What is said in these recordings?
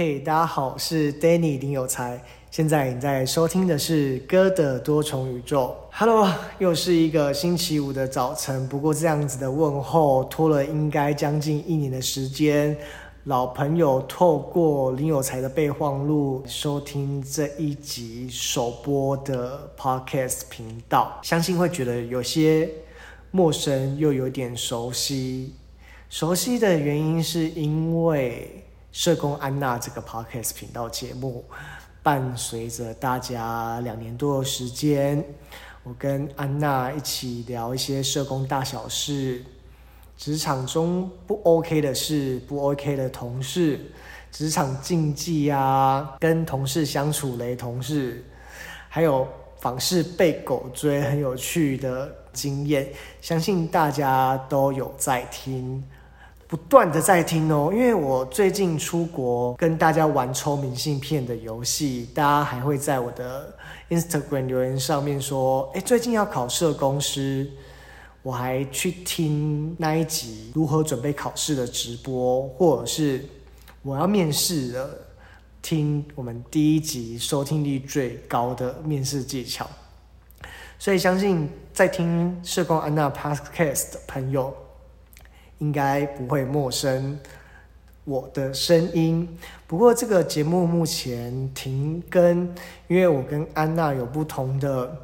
嘿，hey, 大家好，是 Danny 林有才。現在你在收聽的是《哥的多重宇宙》。Hello，又是一個星期五的早晨。不過這樣子的問候拖了應該將近一年的時間。老朋友透過林有才的備忘錄收聽這一集首播的 Podcast 頻道，相信會覺得有些陌生又有點熟悉。熟悉的原因是因為，社工安那這個 Podcast 頻道節目，伴隨着大家兩年多的時間，我跟安那一起聊一些社工大小事，職場中不 OK 的事，不 OK 的同事，職場禁忌啊，跟同事相處的同事，還有訪視被狗追很有趣的經驗，相信大家都有在聽。不斷的在聽哦，因為我最近出國跟大家玩抽明信片的遊戲，大家還會在我的 Instagram 留言上面說，誒、欸，最近要考社工師，我還去聽那一集如何準備考試的直播，或者是我要面試了，聽我們第一集收聽率最高的面試技巧，所以相信在聽社工安娜 Podcast 的朋友。應該不會陌生我的聲音。不過這個節目目前停更，因為我跟安那有不同的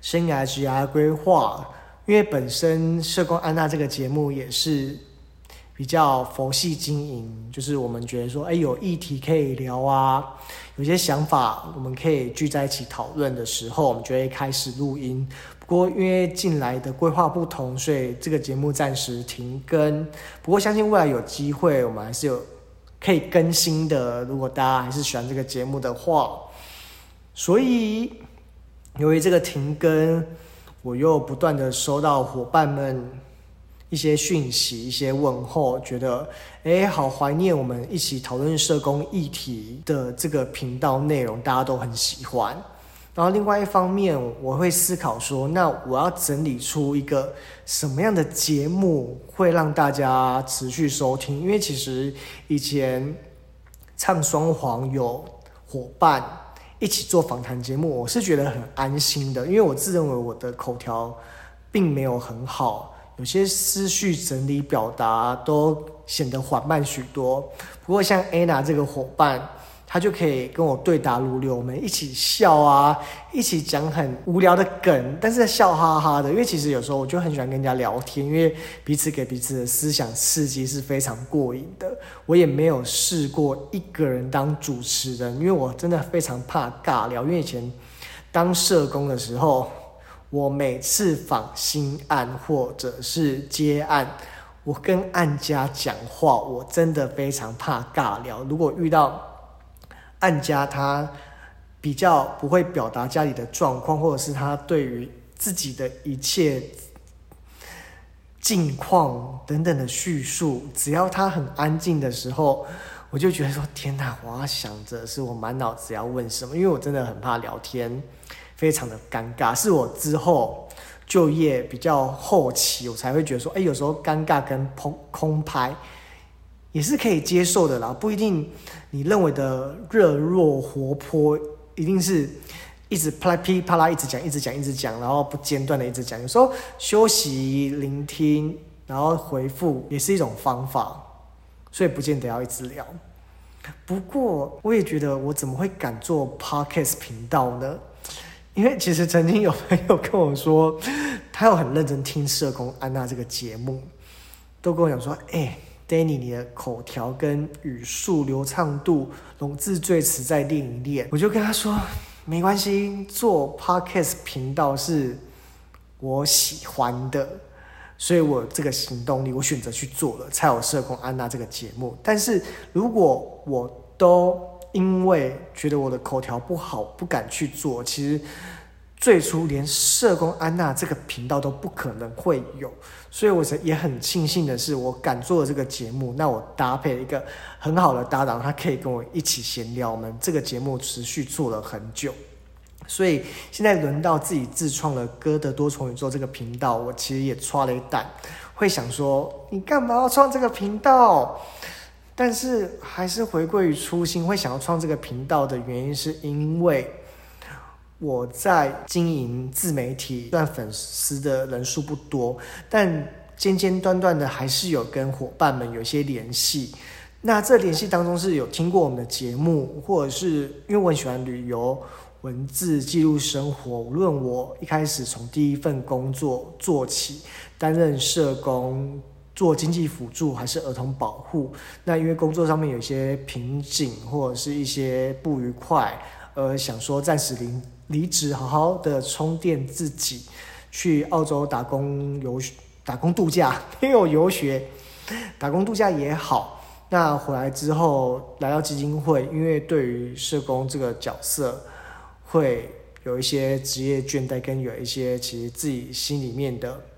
生涯職涯規劃。因為本身社工安那這個節目也是比較佛系經營，就是我們覺得說，哎，有議題可以聊啊，有些想法我們可以聚在一起討論的時候，我們就會開始錄音。不過因為近來的規劃不同，所以這個節目暫時停更。不過相信未來有機會，我們還是有可以更新的。如果大家還是喜歡這個節目的話，所以由於這個停更，我又不斷的收到夥伴們一些訊息、一些問候，覺得哎，好懷念我們一起討論社工議題的這個頻道內容，大家都很喜歡。然後，另外一方面，我會思考說，那我要整理出一個什麼樣的節目會讓大家持續收聽？因為其實以前唱雙簧有夥伴一起做訪談節目，我是覺得很安心的，因為我自認為我的口條並沒有很好，有些思緒整理表達都顯得緩慢許多。不過，像安那這個夥伴。他就可以跟我對答如流，我們一起笑啊，一起講很無聊的梗，但是笑哈哈的。因為其實有時候我就很喜歡跟人家聊天，因為彼此給彼此的思想刺激是非常過癮的。我也沒有試過一個人當主持人，因為我真的非常怕尬聊。因為以前當社工的時候，我每次訪新案或者是接案，我跟案家講話，我真的非常怕尬聊。如果遇到按家，他比較不會表達家裡的狀況，或者是他對於自己的一切近況等等的敘述。只要他很安靜的時候，我就覺得說：天哪！我要想着是我滿腦子要問什麼，因為我真的很怕聊天，非常的尷尬。是我之後就業比較後期，我才會覺得說：誒、欸，有時候尷尬跟空空拍。也是可以接受的啦，不一定你認為的熱絡、活潑，一定是一直啪啦啪啪啦一直講一直講一直講，然後不間斷的一直講。有時候休息、聆聽，然後回復也是一種方法，所以不見得要一直聊。不過，我也覺得我怎麼會敢做 Podcast 頻道呢？因為其實曾經有朋友跟我說，他有很認真聽社工安那這個節目，都跟我講說，哎、欸。Danny，你的口條跟語速流暢度、用字最詞再練一練。我就跟他說，沒關係，做 Podcast 頻道是我喜歡的，所以我這個行動力，我選擇去做了，才有社工安那這個節目。但是，如果我都因為覺得我的口條不好，不敢去做，其實。最初連社工安那這個頻道都不可能會有，所以我是也很慶幸的是，我敢做了這個節目，那我搭配了一個很好的搭檔，他可以跟我一起閒聊。我們這個節目持續做了很久，所以現在輪到自己自創了哥的多重宇宙這個頻道，我其實也抓了一膽，會想說你幹嘛要創這個頻道？但是還是回歸於初心，會想要創這個頻道的原因是因為。我在經營自媒體，但粉絲的人數不多，但間間斷斷的還是有跟夥伴們有一些聯繫。那這聯繫當中是有聽過我們的節目，或者是因為我很喜歡旅遊、文字記錄生活。無論我一開始從第一份工作做起，擔任社工做經濟輔助還是兒童保護，那因為工作上面有一些瓶頸或者是一些不愉快，而想說暫時離離職，好好的充電自己，去澳洲打工遊學，打工度假，也有遊學，打工度假也好。那回來之後，來到基金會，因為對於社工這個角色，會有一些職業倦怠，跟有一些其實自己心裡面的。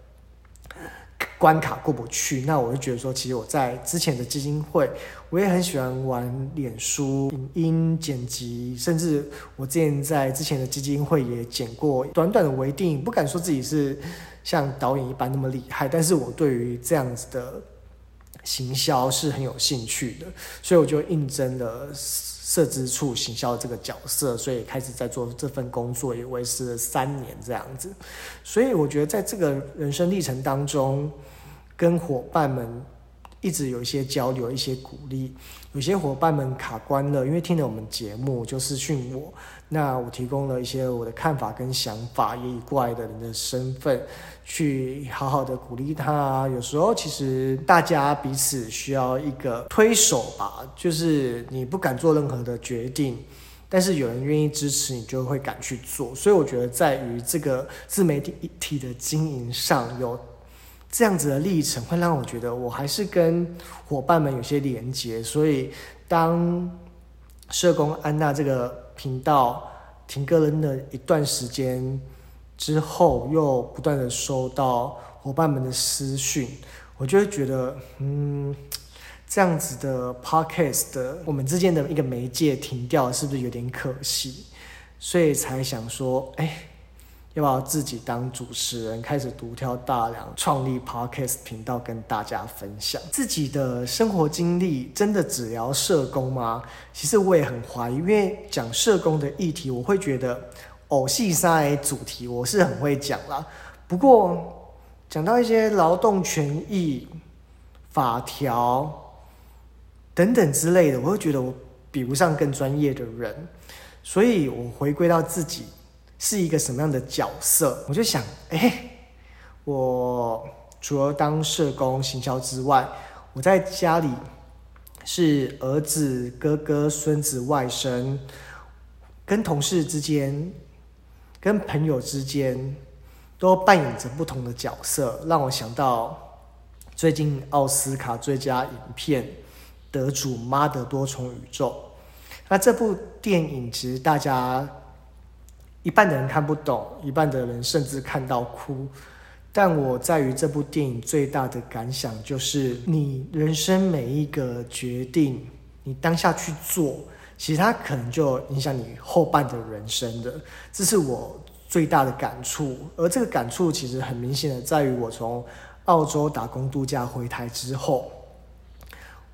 關卡過不去，那我就覺得說，其實我在之前的基金會，我也很喜歡玩臉書、影音剪輯，甚至我之前在之前的基金會也剪過短短的微電影，不敢說自己是像導演一般那麼厲害，但是我對於這樣子的行銷是很有興趣的，所以我就應徵了。設置處行銷這個角色，所以開始在做這份工作，也維持了三年這樣子。所以我覺得在這個人生歷程當中，跟夥伴們一直有一些交流、一些鼓勵。有些夥伴們卡關了，因為聽了我們節目，就私訊我。那我提供了一些我的看法跟想法，也以過來的人的身份，去好好的鼓勵他啊。有時候其實大家彼此需要一個推手吧，就是你不敢做任何的決定，但是有人願意支持你，就會敢去做。所以我覺得在於這個自媒體的經營上有這樣子的歷程，會讓我覺得我還是跟夥伴們有些連接。所以當社工安娜這個。頻道停更了的一段時間之後，又不斷的收到夥伴們的私訊，我就會覺得，嗯，這樣子的 podcast 的我們之間的一個媒介停掉，是不是有點可惜？所以才想說，哎。要把自己當主持人，開始獨挑大梁，創立 Podcast 頻道，跟大家分享自己的生活經歷。真的只聊社工嗎？其實我也很懷疑，因為講社工的議題，我會覺得偶戲三 A 主題我是很會講啦。不過講到一些勞動權益、法條等等之類的，我會覺得我比不上更專業的人，所以我回歸到自己。是一個什麼樣的角色？我就想，哎、欸，我除了當社工、行銷之外，我在家裡是兒子、哥哥、孫子、外甥，跟同事之間、跟朋友之間，都扮演着不同的角色，讓我想到最近奧斯卡最佳影片得主《媽的多重宇宙》。那這部電影其實大家。一半的人看不懂，一半的人甚至看到哭。但我在於這部電影最大的感想就是，你人生每一個決定，你當下去做，其實它可能就影響你後半的人生的。這是我最大的感觸。而這個感觸其實很明顯的，在於我從澳洲打工度假回台之後，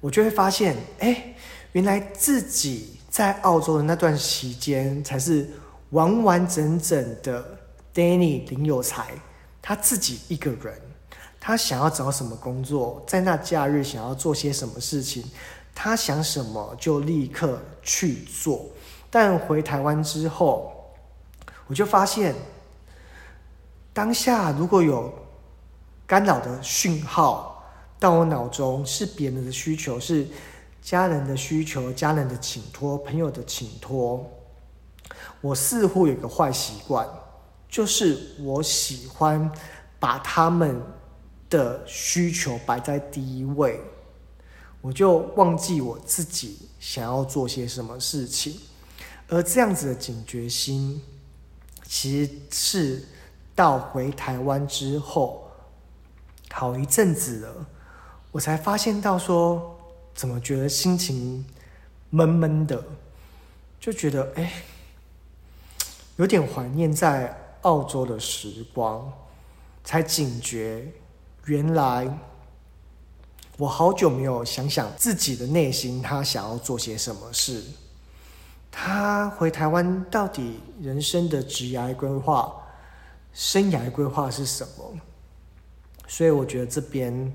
我就會發現，哎、欸，原來自己在澳洲的那段時間才是。完完整整的 Danny 林有才，他自己一個人，他想要找什麼工作，在那假日想要做些什麼事情，他想什麼就立刻去做。但回台灣之後，我就發現，當下如果有干擾的訊號到我腦中，是別人的需求，是家人的需求，家人的請託，朋友的請託。我似乎有個壞習慣，就是我喜歡把他們的需求擺在第一位，我就忘記我自己想要做些什麼事情。而這樣子的警覺心，其實是到回台灣之後好一陣子了，我才發現到說，怎麼覺得心情悶悶的，就覺得哎，誒有點懷念在澳洲的時光，才警覺，原來我好久沒有想想自己的內心，他想要做些什麼事。他回台灣到底人生的職涯規劃、生涯規劃是什麼？所以我覺得這邊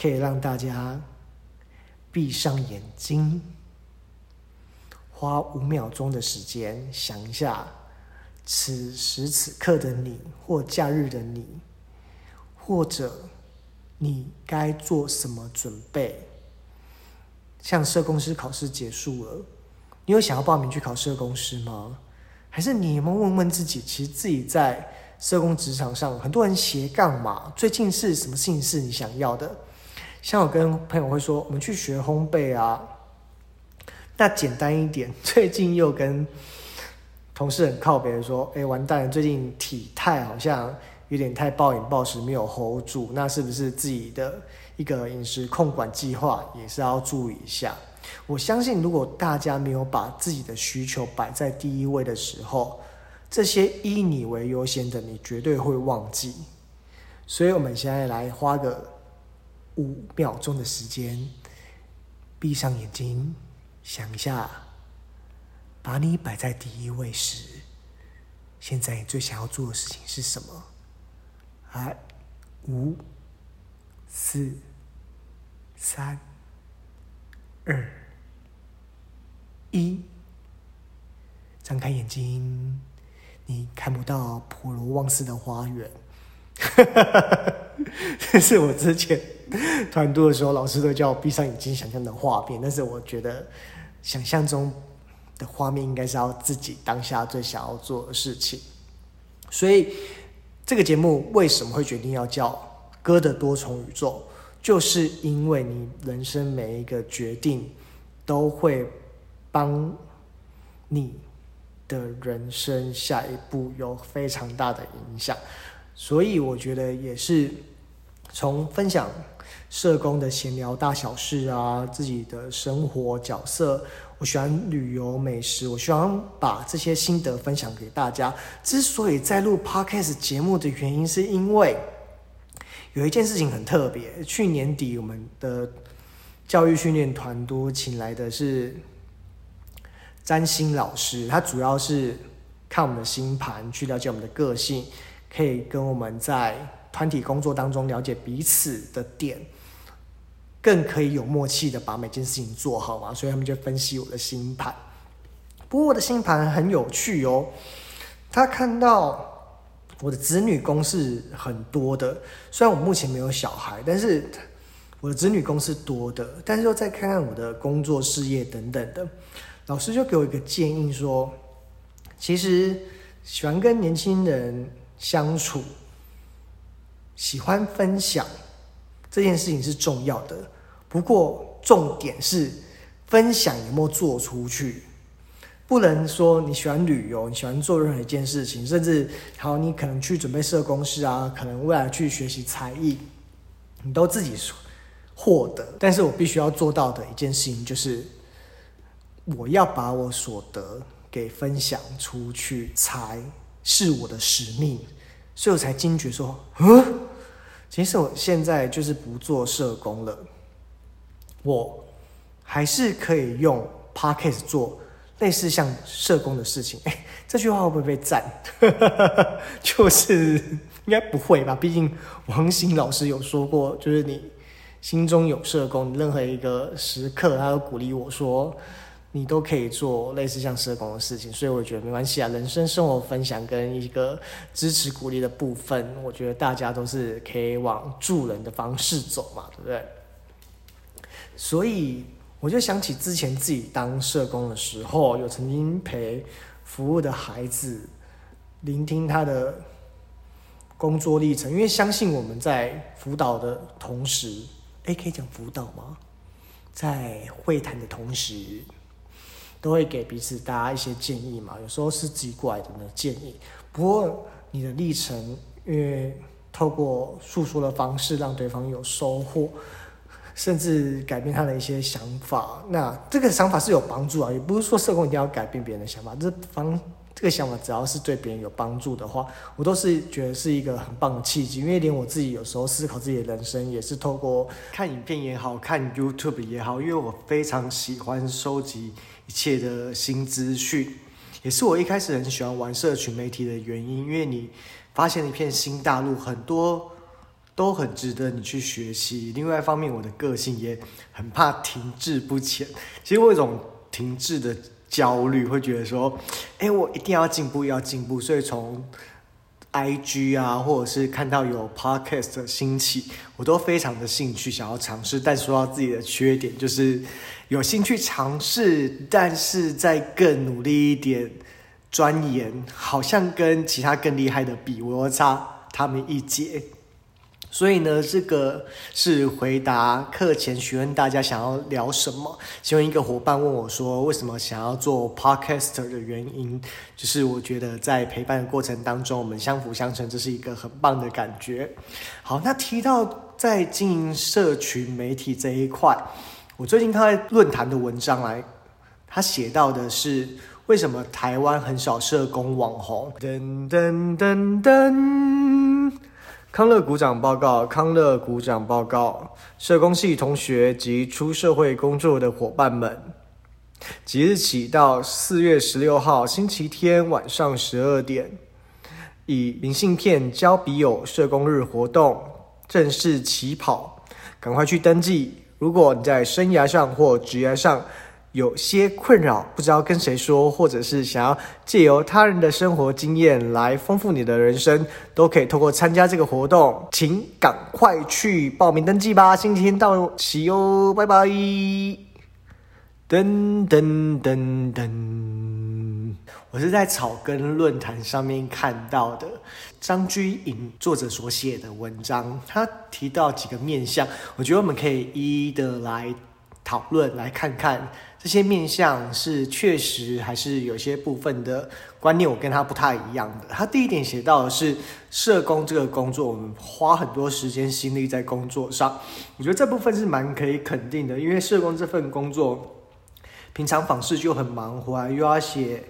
可以讓大家閉上眼睛，花五秒鐘的時間想一下。此時此刻的你，或假日的你，或者你該做什麼準備？像社工師考試結束了，你有想要報名去考社工師嗎？還是你有沒有問問自己，其實自己在社工職場上，很多人斜槓嘛。最近是什麼事情是你想要的？像我跟朋友會說，我們去學烘焙啊，那簡單一點。最近又跟。同事很靠別人說：“哎、欸，完蛋，最近體態好像有點太暴飲暴食，沒有 Hold 住，那是不是自己的一個飲食控管計劃也是要注意一下？”我相信，如果大家沒有把自己的需求擺在第一位的時候，這些以你為優先的，你絕對會忘記。所以，我們現在來花個五秒鐘的時間，閉上眼睛想一下。把你擺在第一位時，現在你最想要做的事情是什麼？啊，五、四、三、二、一，張開眼睛，你看不到普羅旺斯的花園。這 是我之前團隊的時候，老師都叫我閉上眼睛想象的畫面，但是我覺得想象中。的畫面應該是要自己當下最想要做的事情，所以這個節目為什麼會決定要叫《哥的多重宇宙》，就是因為你人生每一個決定都會，幫你的人生下一步有非常大的影響，所以我覺得也是從分享。社工的閒聊大小事啊，自己的生活角色，我喜歡旅遊美食，我喜歡把這些心得分享給大家。之所以在錄 Podcast 節目的原因，是因為有一件事情很特別。去年底，我們的教育訓練團都請來的是占星老師，他主要是看我們的星盤，去了解我們的個性，可以跟我們在團體工作當中了解彼此的點。更可以有默契的把每件事情做好嘛，所以他們就分析我的星盤。不過我的星盤很有趣哦，他看到我的子女宮是很多的，雖然我目前沒有小孩，但是我的子女宮是多的。但是又再看看我的工作事業等等的，老師就給我一個建議說，其實喜歡跟年輕人相處，喜歡分享這件事情是重要的。不過重點是分享有沒有做出去，不能說你喜歡旅遊，你喜歡做任何一件事情，甚至好，你可能去準備社工師啊，可能未來去學習才藝，你都自己獲得。但是我必須要做到的一件事情，就是我要把我所得給分享出去，才是我的使命。所以我才驚覺說，嗯，其實我現在就是不做社工了。我還是可以用 Podcast 做類似像社工的事情。哎，這句話會不會被贊？ 就是應該不會吧。畢竟王行老師有說過，就是你心中有社工，任何一個時刻，他都鼓勵我說，你都可以做類似像社工的事情。所以我覺得沒關係啊。人生生活分享跟一個支持鼓勵的部分，我覺得大家都是可以往助人的方式走嘛，對不對？所以，我就想起之前自己當社工的時候，有曾經陪服務的孩子聆聽他的工作歷程，因為相信我們在輔導的同時，誒，可以講輔導嗎？在會談的同時，都會給彼此大家一些建議嘛。有時候是自己過來人的建議，不過你的歷程，因為透過訴說的方式，讓對方有收穫。甚至改變他的一些想法，那這個想法是有幫助啊，也不是說社工一定要改變別人的想法，這方這個想法只要是對別人有幫助的話，我都是覺得是一個很棒的契機，因為連我自己有時候思考自己的人生，也是透過看影片也好，看 YouTube 也好，因為我非常喜歡收集一切的新資訊，也是我一開始很喜歡玩社群媒體的原因，因為你發現了一片新大陸，很多，都很值得你去學習。另外一方面，我的個性也很怕停滯不前。其實我有種停滯的焦慮，會覺得說：“哎，我一定要進步，要進步。”所以從 IG 啊，或者是看到有 Podcast 的興起，我都非常的興趣想要嘗試。但說到自己的缺點，就是有興趣嘗試，但是在更努力一點鑽研，好像跟其他更厲害的比，我差他們一截。所以呢，這個是回答課前詢問大家想要聊什麼。其中一個伙伴問我，說為什麼想要做 podcaster 的原因，就是我覺得在陪伴的過程當中，我們相輔相成，這是一個很棒的感覺。好，那提到在經營社群媒體這一塊，我最近看論壇的文章來，他寫到的是為什麼台灣很少社工網紅。噔噔噔噔,噔。康樂鼓掌報告，康樂鼓掌報告，社工系同學及出社會工作的夥伴們，即日起到四月十六號星期天晚上十二點，以明信片交筆友社工日活動正式起跑，趕快去登記。如果你在生涯上或職涯上，有些困擾，不知道跟誰說，或者是想要借由他人的生活經驗來豐富你的人生，都可以透過參加這個活動，請趕快去報名登記吧！星期天到期哦，拜拜！噔噔噔噔，我是在草根論壇上面看到的張居瑩作者所寫的文章，他提到幾個面向，我覺得我們可以一一的來討論，來看看。這些面向是確實還是有些部分的觀念，我跟他不太一樣的。他第一點寫到的是社工這個工作，我們花很多時間心力在工作上，我覺得這部分是蠻可以肯定的，因為社工這份工作，平常訪視就很忙活，又要寫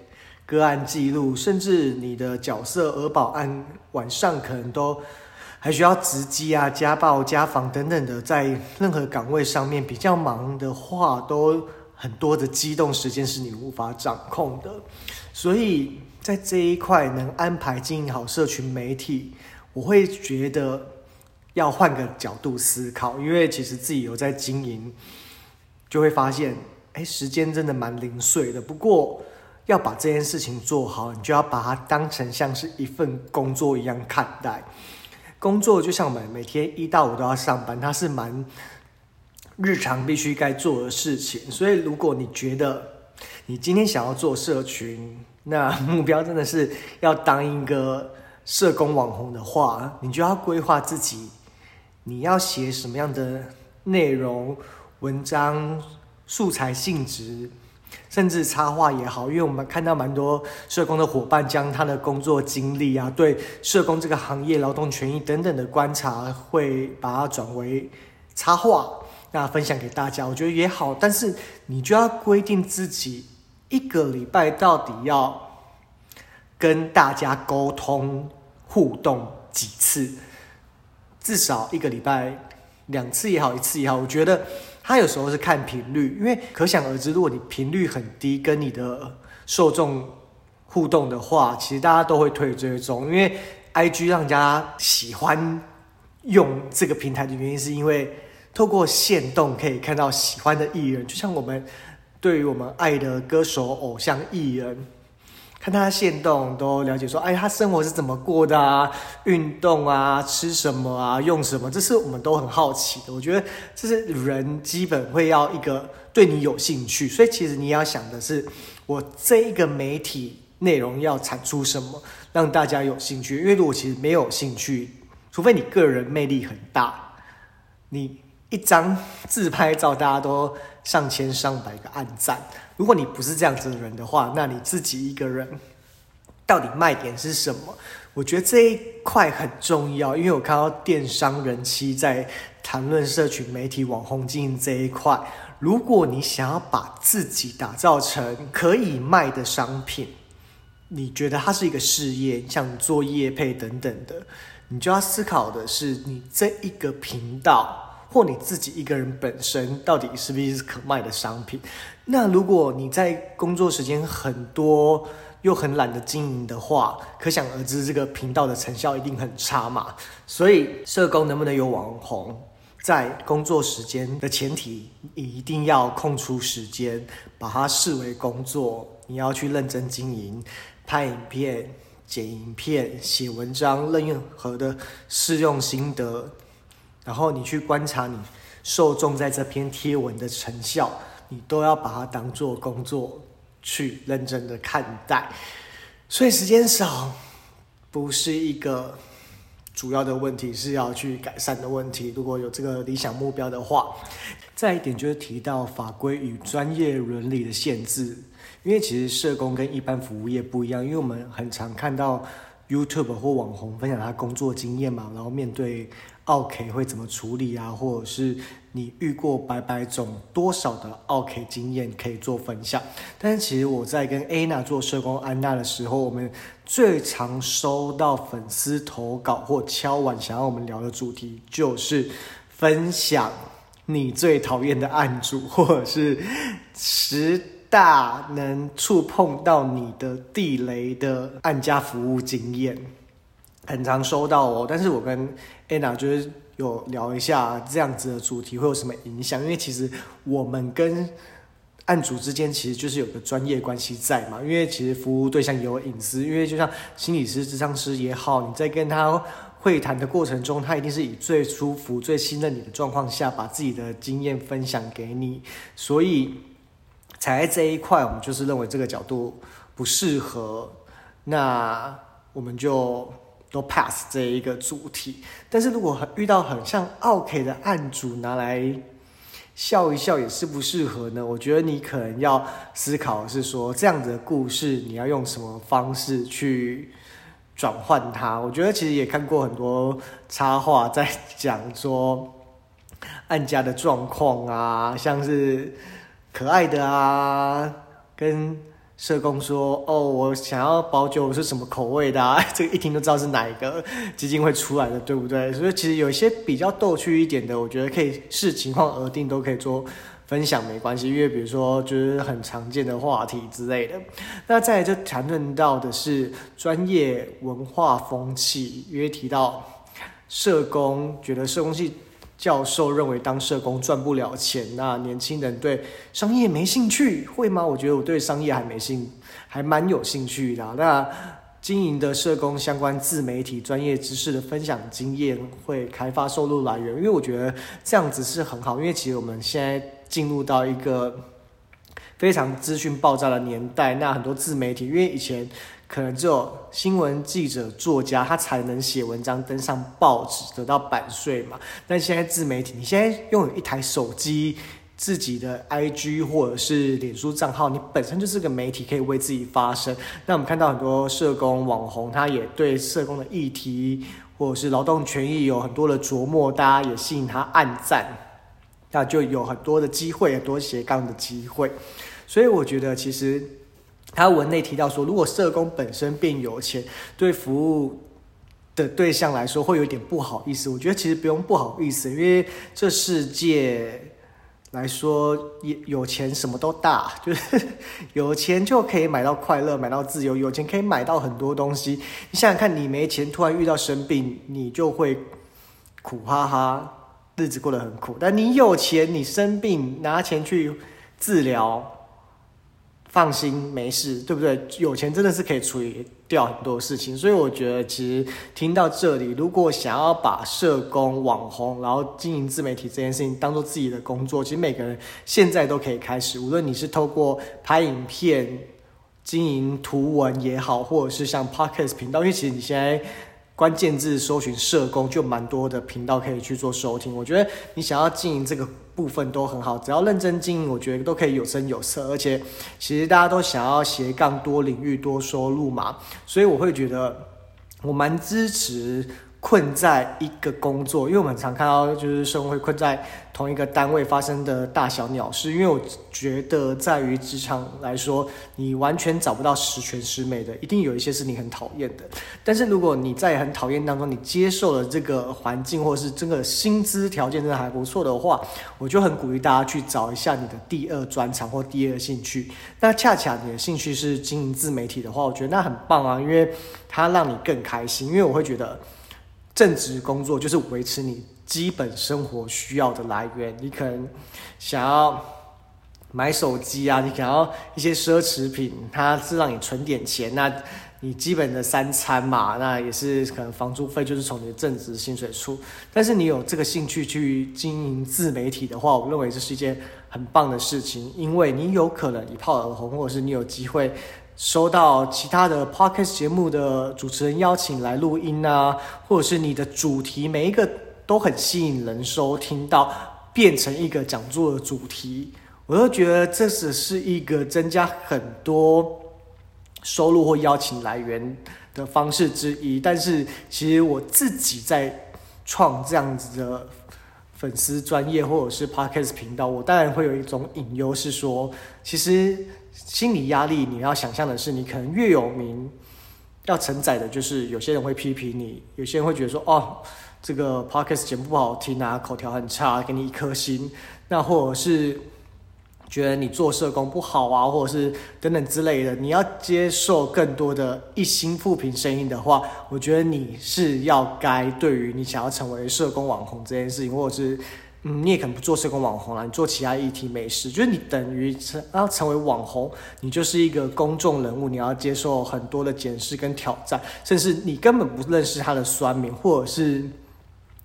個案記錄，甚至你的角色，兒保案晚上可能都還需要值機啊，家暴家訪等等的，在任何崗位上面比較忙的話都。很多的機動時間是你無法掌控的，所以在這一塊能安排經營好社群媒體，我會覺得要換個角度思考，因為其實自己有在經營，就會發現，誒，時間真的蠻零碎的。不過要把這件事情做好，你就要把它當成像是一份工作一樣看待。工作就像我們每天一到五都要上班，它是蠻。日常必須該做的事情，所以如果你覺得你今天想要做社群，那目標真的是要當一個社工網紅的話，你就要規劃自己，你要寫什麼樣的內容、文章、素材性質，甚至插畫也好，因為我們看到蠻多社工的夥伴將他的工作經歷啊，對社工這個行業勞動權益等等的觀察，會把它轉為插畫。那分享給大家，我覺得也好，但是你就要規定自己一個禮拜到底要跟大家溝通互動幾次，至少一個禮拜兩次也好，一次也好，我覺得他有時候是看頻率，因為可想而知，如果你頻率很低，跟你的受眾互動的話，其實大家都會退追蹤。因為 IG 讓人家喜歡用這個平台的原因，是因為。透過限動，可以看到喜歡的藝人，就像我們對於我們愛的歌手、偶像藝人，看他限動都了解說，哎，他生活是怎麼過的啊？運動啊？吃什麼啊？用什麼？這是我們都很好奇的。我覺得這是人基本會要一個對你有興趣，所以其實你要想的是，我這一個媒體內容要產出什麼讓大家有興趣？因為如果其實沒有興趣，除非你個人魅力很大，你。一張自拍照，大家都上千上百個按讚。如果你不是這樣子的人的話，那你自己一個人到底賣點是什麼？我覺得這一塊很重要，因為我看到電商人妻在談論社群媒體網紅經營這一塊。如果你想要把自己打造成可以賣的商品，你覺得它是一個事業，像做業配等等的，你就要思考的是你這一個頻道。或你自己一個人本身到底是不是可賣的商品？那如果你在工作時間很多又很懶得經營的話，可想而知這個頻道的成效一定很差嘛。所以社工能不能有網紅在工作時間的前提，你一定要空出時間，把它視為工作，你要去認真經營，拍影片、剪影片、寫文章，任何的試用心得。然後你去觀察你受眾在這篇貼文的成效，你都要把它當做工作去認真的看待。所以時間少不是一個主要的問題，是要去改善的問題。如果有這個理想目標的話，再一點就是提到法規與專業倫理的限制，因為其實社工跟一般服務業不一樣，因為我們很常看到 YouTube 或網紅分享他工作經驗嘛，然後面對。奧客會怎麼處理啊？或者是你遇過百百種、多少的奧客經驗可以做分享？但是其實我在跟安娜做社工安娜的時候，我們最常收到粉絲投稿或敲碗想要我們聊的主題，就是分享你最討厭的案主，或者是十大能觸碰到你的地雷的案家服務經驗。很常收到哦，但是我跟 Anna 就是有聊一下這樣子的主題會有什麼影響，因為其實我們跟案主之間其實就是有個專業關係在嘛，因為其實服務對象也有隱私，因為就像心理師、諮商師也好，你在跟他會談的過程中，他一定是以最舒服、最信任你的狀況下，把自己的經驗分享給你，所以才在這一塊，我們就是認為這個角度不適合，那我們就。都 pass 這一個主題，但是如果遇到很像奧 K 的案組，拿來笑一笑也適不適合呢？我覺得你可能要思考的是說這樣子的故事你要用什麼方式去轉換它。我覺得其實也看過很多插畫在講說按家的狀況啊，像是可愛的啊跟。社工說：“哦，我想要保久是什麼口味的啊？這個一聽都知道是哪一個基金會出來的，對不對？所以其實有一些比較逗趣一點的，我覺得可以視情況而定，都可以做分享，沒關係。因為比如說，就是很常見的話題之類的。那再來就談論到的是專業文化風氣，因為提到社工，覺得社工系。”教授認為當社工賺不了錢，那年輕人對商業沒興趣，會嗎？我覺得我對商業還沒興，還蠻有興趣的啊。那經營的社工相關自媒體專業知識的分享經驗，會開發收入來源，因為我覺得這樣子是很好。因為其實我們現在進入到一個非常資訊爆炸的年代，那很多自媒體，因為以前。可能只有新聞記者、作家，他才能寫文章，登上報紙，得到版稅嘛。但現在自媒體，你現在擁有一台手機、自己的 IG 或者是臉書賬號，你本身就是個媒體，可以為自己發聲。那我們看到很多社工網紅，他也對社工的議題或者是勞動權益有很多的琢磨，大家也吸引他按讚，那就有很多的機會，很多斜槓的機會。所以我覺得其實。他文內提到說，如果社工本身變有錢，對服務的對象來說會有點不好意思。我覺得其實不用不好意思，因為這世界來說，有有錢什麼都大，就是有錢就可以買到快樂，買到自由，有錢可以買到很多東西。你想想看，你沒錢，突然遇到生病，你就會苦哈哈，日子過得很苦；但你有錢，你生病你拿錢去治療。放心，沒事，對不對？有錢真的是可以處理掉很多事情，所以我覺得其實聽到這裡，如果想要把社工、網紅，然後經營自媒體這件事情當做自己的工作，其實每個人現在都可以開始。無論你是透過拍影片、經營圖文也好，或者是像 podcast 頻道，因為其實你現在。關鍵字搜尋社工，就蠻多的頻道可以去做收聽，我覺得你想要經營這個部分都很好，只要認真經營，我覺得都可以有聲有色。而且其實大家都想要斜槓多領域多收入嘛，所以我會覺得我蠻支持。困在一個工作，因為我們常看到就是社會困在同一個單位發生的大小鳥事，因為我覺得，在於職場來說，你完全找不到十全十美的，一定有一些是你很討厭的。但是如果你在很討厭當中，你接受了這個環境，或者是這個薪資條件真的還不錯的話，我就很鼓勵大家去找一下你的第二專長或第二興趣。那恰恰你的興趣是經營自媒體的話，我覺得那很棒啊，因為它讓你更開心。因為我會覺得。正職工作就是維持你基本生活需要的來源。你可能想要買手機啊，你想要一些奢侈品，它是讓你存點錢。那你基本的三餐嘛，那也是可能房租費就是從你的正職薪水出。但是你有這個興趣去經營自媒體的話，我認為這是一件很棒的事情，因為你有可能一炮而紅，或者是你有機會。收到其他的 Podcast 節目的主持人邀請來錄音啊，或者是你的主題每一個都很吸引人收聽到，變成一個講座的主題，我都覺得這只是一個增加很多收入或邀請來源的方式之一。但是其實我自己在創這樣子的粉絲專業或者是 Podcast 頻道，我當然會有一種隱憂，是說其實。心理壓力，你要想象的是，你可能越有名，要承載的就是有些人會批評你，有些人會覺得說，哦，這個 podcast 剪不好聽啊，口條很差，給你一顆星，那或者是覺得你做社工不好啊，或者是等等之類的。你要接受更多的一星負評聲音的話，我覺得你是要該對於你想要成為社工網紅這件事情，或者是。嗯，你也可能不做社工網紅啊，你做其他議題、美食，就是你等於成、啊，成為網紅，你就是一個公眾人物，你要接受很多的檢視跟挑戰，甚至你根本不認識他的酸民，或者是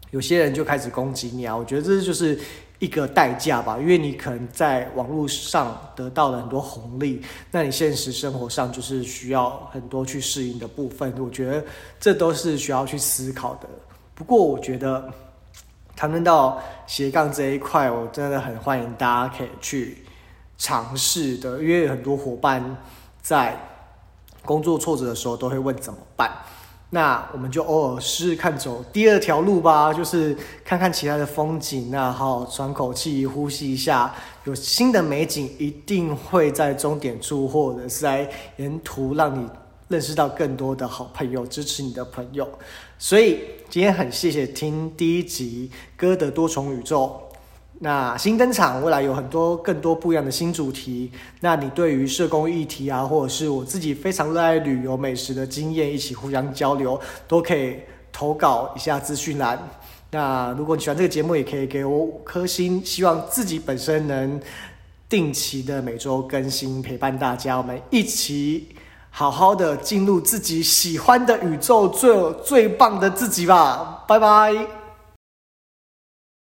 有些人就開始攻擊你啊，我覺得這就是一個代價吧，因為你可能在網絡上得到了很多紅利，那你現實生活上就是需要很多去適應的部分，我覺得這都是需要去思考的。不過我覺得。談論到斜槓這一塊，我真的很歡迎大家可以去嘗試的，因為有很多夥伴在工作挫折的時候都會問怎麼辦。那我們就偶爾試試看走第二條路吧，就是看看其他的風景啊，然後喘口氣，呼吸一下，有新的美景一定會在終點處，或者是在沿途讓你認識到更多的好朋友、支持你的朋友，所以今天很謝謝聽第一集《哥的多重宇宙》。那新登場，未來有很多更多不一樣的新主題。那你對於社工議題啊，或者是我自己非常熱愛旅遊、美食的經驗，一起互相交流，都可以投稿一下資訊欄。那如果你喜歡這個節目，也可以給我五顆星，希望自己本身能定期的每周更新，陪伴大家，我們一起，好好的進入自己喜歡的宇宙，最最棒的自己吧！拜拜。